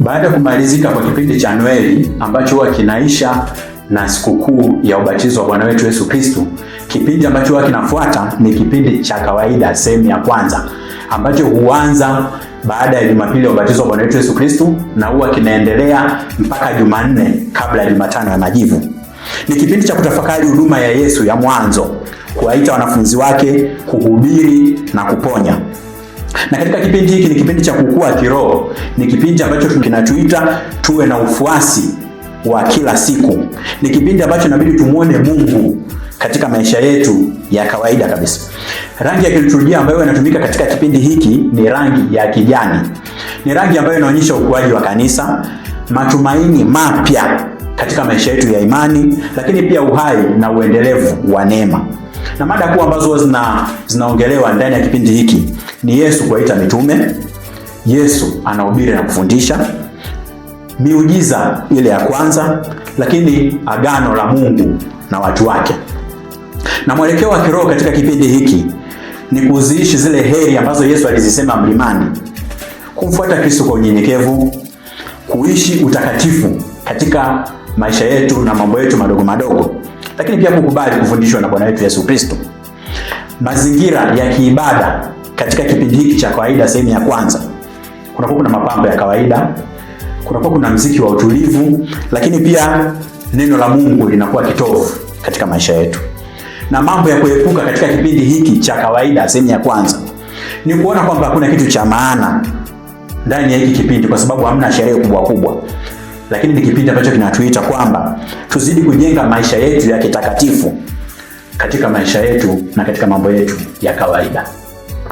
Baada ya kumalizika kwa kipindi cha Noeli ambacho huwa kinaisha na sikukuu ya ubatizo wa Bwana wetu Yesu Kristo, kipindi ambacho huwa kinafuata ni kipindi cha kawaida, sehemu ya kwanza, ambacho huanza baada ya Jumapili ya ubatizo wa Bwana wetu Yesu Kristo na huwa kinaendelea mpaka Jumanne kabla ya Jumatano ya Majivu. Ni kipindi cha kutafakari huduma ya Yesu ya mwanzo, kuwaita wanafunzi wake, kuhubiri na kuponya. Na katika kipindi hiki ni kipindi cha kukua kiroho, ni kipindi ambacho kinatuita tuwe na ufuasi wa kila siku, ni kipindi ambacho inabidi tumuone Mungu katika maisha yetu ya kawaida kabisa. Rangi ya kiliturujia ambayo inatumika katika kipindi hiki ni rangi ya kijani. Ni rangi ambayo inaonyesha ukuaji wa kanisa, matumaini mapya katika maisha yetu ya imani, lakini pia uhai na uendelevu wa neema na mada kuu ambazo zina zinaongelewa ndani ya kipindi hiki ni Yesu kuwaita mitume, Yesu anahubiri na kufundisha, miujiza ile ya kwanza, lakini agano la Mungu na watu wake. Na mwelekeo wa kiroho katika kipindi hiki ni kuziishi zile heri ambazo Yesu alizisema mlimani, kumfuata Kristo kwa unyenyekevu, kuishi utakatifu katika maisha yetu na mambo yetu madogo madogo, lakini pia kukubali kufundishwa na Bwana wetu Yesu Kristo. Mazingira ya kiibada katika kipindi hiki cha kawaida, sehemu ya kwanza, kunakuwa kuna mapambo ya kawaida, kunakuwa kuna mziki wa utulivu, lakini pia neno la Mungu linakuwa kitovu katika maisha yetu. Na mambo ya kuepuka katika kipindi hiki cha kawaida, sehemu ya kwanza, ni kuona kwamba hakuna kitu cha maana ndani ya hiki kipindi, kwa sababu hamna sherehe kubwa kubwa lakini ni kipindi ambacho kinatuita kwamba tuzidi kujenga maisha yetu ya kitakatifu katika maisha yetu na katika mambo yetu ya kawaida.